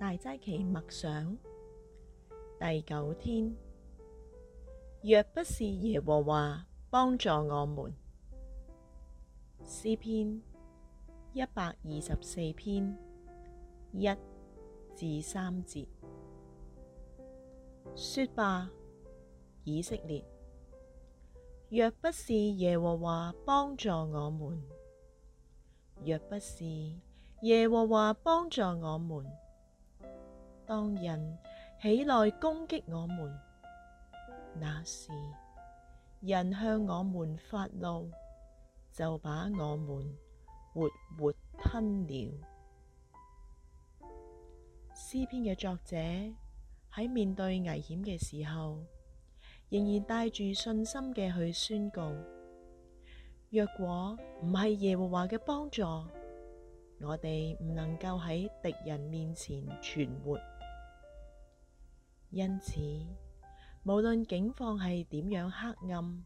大齋期默想第九天，若不是耶和華幫助我們，詩篇一百二十四篇一至三節，說吧，以色列，若不是耶和華幫助我們，若不是耶和華幫助我們。當人起來攻擊我們，那時人向我們發怒，就把我們活活吞了。詩篇嘅作者喺面對危險嘅時候，仍然帶住信心嘅去宣告：若果唔係耶和華嘅幫助，我哋唔能夠喺敵人面前存活。因此，無論境況係點樣黑暗，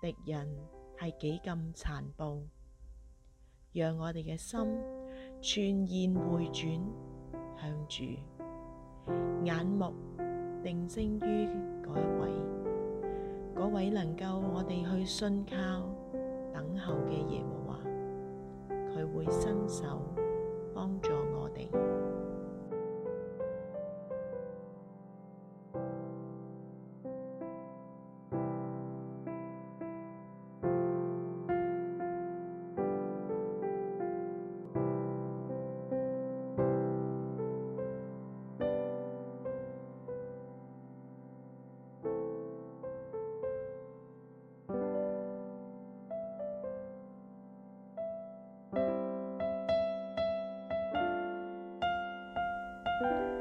敵人係幾咁殘暴，讓我哋嘅心全然回轉向主，眼目定睛於嗰一位，嗰位能夠我哋去信靠、等候嘅耶和華，啊，佢會伸手幫助我哋。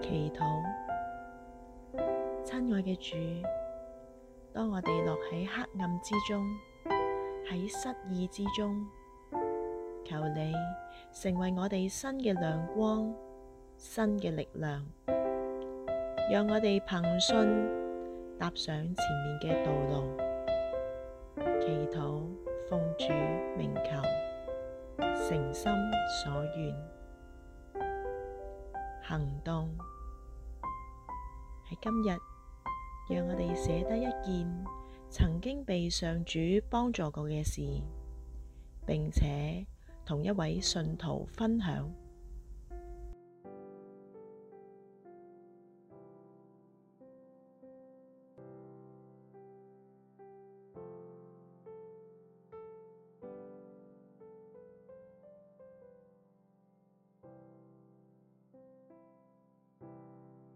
祈禱，親愛嘅主，當我哋落喺黑暗之中，喺失意之中，求你成為我哋新嘅亮光，新嘅力量，讓我哋憑信踏上前面嘅道路。祈禱，奉主名求，誠心所願。行動喺今日，讓我哋寫得一件曾經被上主幫助過嘅事，並且同一位信徒分享。